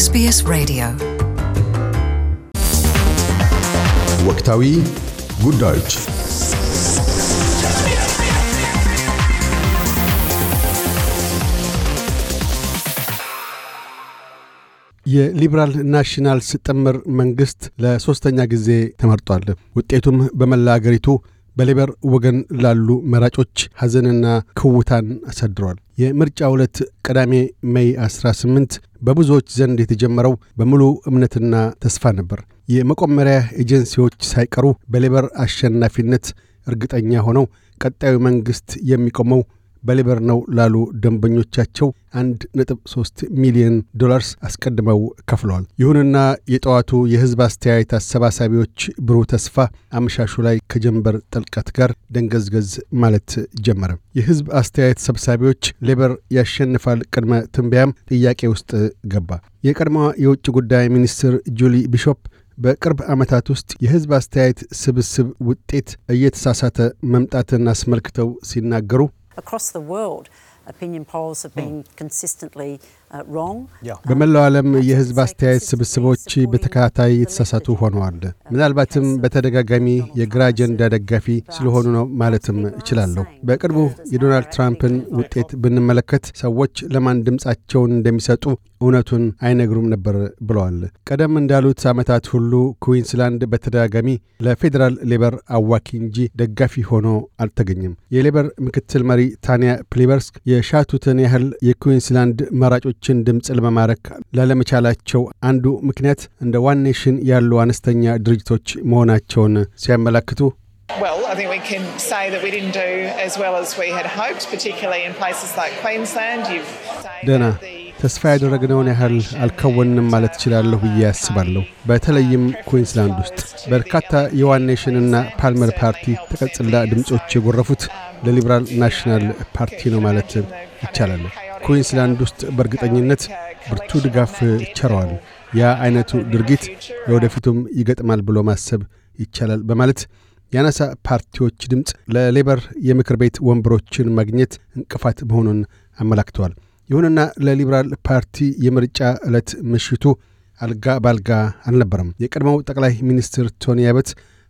ኤስቢኤስ ሬዲዮ ወቅታዊ ጉዳዮች የሊበራል ናሽናልስ ጥምር መንግሥት ለሦስተኛ ጊዜ ተመርጧል። ውጤቱም በመላ አገሪቱ በሌበር ወገን ላሉ መራጮች ሐዘንና ክውታን አሳድሯል። የምርጫ ሁለት ቀዳሜ ሜይ 18 በብዙዎች ዘንድ የተጀመረው በሙሉ እምነትና ተስፋ ነበር። የመቆመሪያ ኤጀንሲዎች ሳይቀሩ በሌበር አሸናፊነት እርግጠኛ ሆነው ቀጣዩ መንግሥት የሚቆመው ነው ላሉ ደንበኞቻቸው 1.3 ሚሊዮን ዶላርስ አስቀድመው ከፍለዋል። ይሁንና የጠዋቱ የሕዝብ አስተያየት አሰባሳቢዎች ብሩህ ተስፋ አመሻሹ ላይ ከጀንበር ጥልቀት ጋር ደንገዝገዝ ማለት ጀመረ። የሕዝብ አስተያየት ሰብሳቢዎች ሌበር ያሸንፋል ቅድመ ትንበያም ጥያቄ ውስጥ ገባ። የቀድሞዋ የውጭ ጉዳይ ሚኒስትር ጁሊ ቢሾፕ በቅርብ ዓመታት ውስጥ የሕዝብ አስተያየት ስብስብ ውጤት እየተሳሳተ መምጣትን አስመልክተው ሲናገሩ Hmm. Uh, uh, በመላው ዓለም የሕዝብ አስተያየት ስብስቦች በተከታታይ የተሳሳቱ ሆነዋል። uh, ምናልባትም በተደጋጋሚ የግራ አጀንዳ ደጋፊ ስለሆኑ ነው ማለትም እችላለሁ። በቅርቡ የዶናልድ ትራምፕን ውጤት ብንመለከት ሰዎች ለማን ድምፃቸውን እንደሚሰጡ እውነቱን አይነግሩም ነበር ብለዋል። ቀደም እንዳሉት ዓመታት ሁሉ ኩዊንስላንድ በተደጋጋሚ ለፌዴራል ሌበር አዋኪ እንጂ ደጋፊ ሆኖ አልተገኘም። የሌበር ምክትል መሪ ታንያ ፕሊበርስክ የሻቱትን ያህል የኩዊንስላንድ መራጮችን ድምፅ ለመማረክ ላለመቻላቸው አንዱ ምክንያት እንደ ዋን ኔሽን ያሉ አነስተኛ ድርጅቶች መሆናቸውን ሲያመላክቱ Well, I think we can say that we didn't do as well as we had hoped, particularly in places like Queensland. You've ተስፋ ያደረግነውን ያህል አልከወንም ማለት እችላለሁ ብዬ ያስባለሁ። በተለይም ኩዊንስላንድ ውስጥ በርካታ የዋን ኔሽንና ፓልመር ፓርቲ ተቀጽላ ድምፆች የጎረፉት ለሊበራል ናሽናል ፓርቲ ነው ማለት ይቻላል። ኩዊንስላንድ ውስጥ በእርግጠኝነት ብርቱ ድጋፍ ቸረዋል። ያ አይነቱ ድርጊት ለወደፊቱም ይገጥማል ብሎ ማሰብ ይቻላል በማለት የአናሳ ፓርቲዎች ድምፅ ለሌበር የምክር ቤት ወንበሮችን ማግኘት እንቅፋት መሆኑን አመላክተዋል። ይሁንና ለሊበራል ፓርቲ የምርጫ ዕለት ምሽቱ አልጋ ባልጋ አልነበረም። የቀድሞው ጠቅላይ ሚኒስትር ቶኒ አበት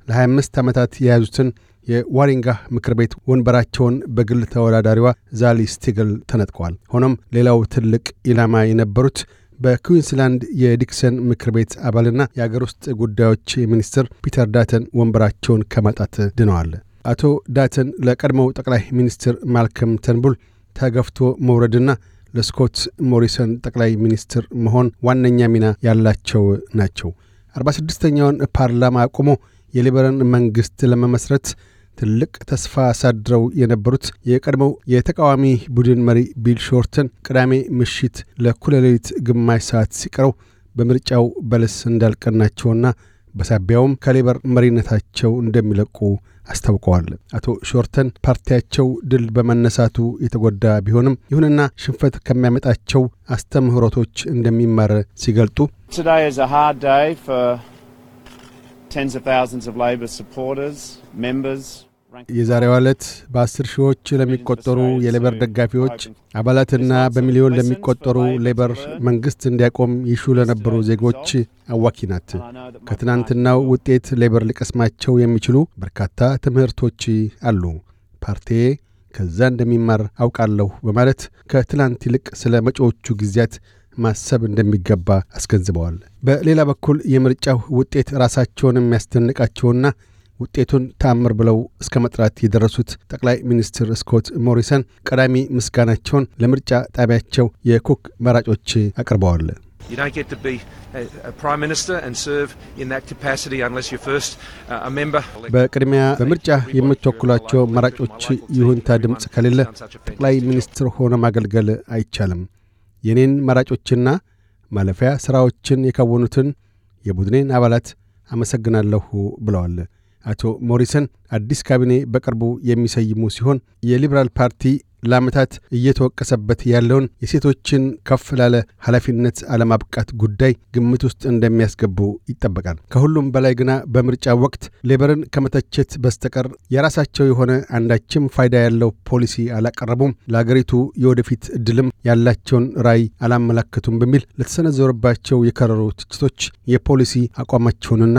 ለ25 ዓመታት የያዙትን የዋሪንጋ ምክር ቤት ወንበራቸውን በግል ተወዳዳሪዋ ዛሊ ስቲግል ተነጥቀዋል። ሆኖም ሌላው ትልቅ ኢላማ የነበሩት በኩዊንስላንድ የዲክሰን ምክር ቤት አባልና የአገር ውስጥ ጉዳዮች ሚኒስትር ፒተር ዳተን ወንበራቸውን ከማጣት ድነዋል። አቶ ዳተን ለቀድሞው ጠቅላይ ሚኒስትር ማልከም ተንቡል ተገፍቶ መውረድና ለስኮት ሞሪሰን ጠቅላይ ሚኒስትር መሆን ዋነኛ ሚና ያላቸው ናቸው። አርባ ስድስተኛውን ፓርላማ አቁሞ የሊበረን መንግሥት ለመመስረት ትልቅ ተስፋ አሳድረው የነበሩት የቀድሞው የተቃዋሚ ቡድን መሪ ቢል ሾርተን ቅዳሜ ምሽት ለኩለሌሊት ግማሽ ሰዓት ሲቀረው በምርጫው በለስ እንዳልቀናቸውና በሳቢያውም ከሌበር መሪነታቸው እንደሚለቁ አስታውቀዋል። አቶ ሾርተን ፓርቲያቸው ድል በመነሳቱ የተጎዳ ቢሆንም ይሁንና ሽንፈት ከሚያመጣቸው አስተምህሮቶች እንደሚማር ሲገልጡ ዛሬ የዛሬዋ ዕለት በአስር ሺዎች ለሚቆጠሩ የሌበር ደጋፊዎች አባላትና በሚሊዮን ለሚቆጠሩ ሌበር uh, መንግሥት እንዲያቆም ይሹ uh, ለነበሩ ዜጎች አዋኪ ናት። ከትናንትናው ውጤት ሌበር ሊቀስማቸው የሚችሉ በርካታ ትምህርቶች አሉ። ፓርቴ ከዛ እንደሚማር አውቃለሁ በማለት ከትላንት ይልቅ ስለ መጪዎቹ ጊዜያት ማሰብ እንደሚገባ አስገንዝበዋል። በሌላ በኩል የምርጫው ውጤት ራሳቸውን የሚያስደንቃቸውና ውጤቱን ተአምር ብለው እስከ መጥራት የደረሱት ጠቅላይ ሚኒስትር ስኮት ሞሪሰን ቀዳሚ ምስጋናቸውን ለምርጫ ጣቢያቸው የኩክ መራጮች አቅርበዋል። uh, በቅድሚያ በምርጫ የምትወክሏቸው መራጮች ይሁንታ ድምፅ ከሌለ ጠቅላይ ሚኒስትር ሆነ ማገልገል አይቻልም። የኔን መራጮችና ማለፊያ ሥራዎችን የከወኑትን የቡድኔን አባላት አመሰግናለሁ ብለዋል። አቶ ሞሪሰን አዲስ ካቢኔ በቅርቡ የሚሰይሙ ሲሆን የሊበራል ፓርቲ ለዓመታት እየተወቀሰበት ያለውን የሴቶችን ከፍ ላለ ኃላፊነት አለማብቃት ጉዳይ ግምት ውስጥ እንደሚያስገቡ ይጠበቃል። ከሁሉም በላይ ግና በምርጫ ወቅት ሌበርን ከመተቸት በስተቀር የራሳቸው የሆነ አንዳችም ፋይዳ ያለው ፖሊሲ አላቀረቡም፣ ለአገሪቱ የወደፊት እድልም ያላቸውን ራዕይ አላመላከቱም በሚል ለተሰነዘሩባቸው የከረሩ ትችቶች የፖሊሲ አቋማቸውንና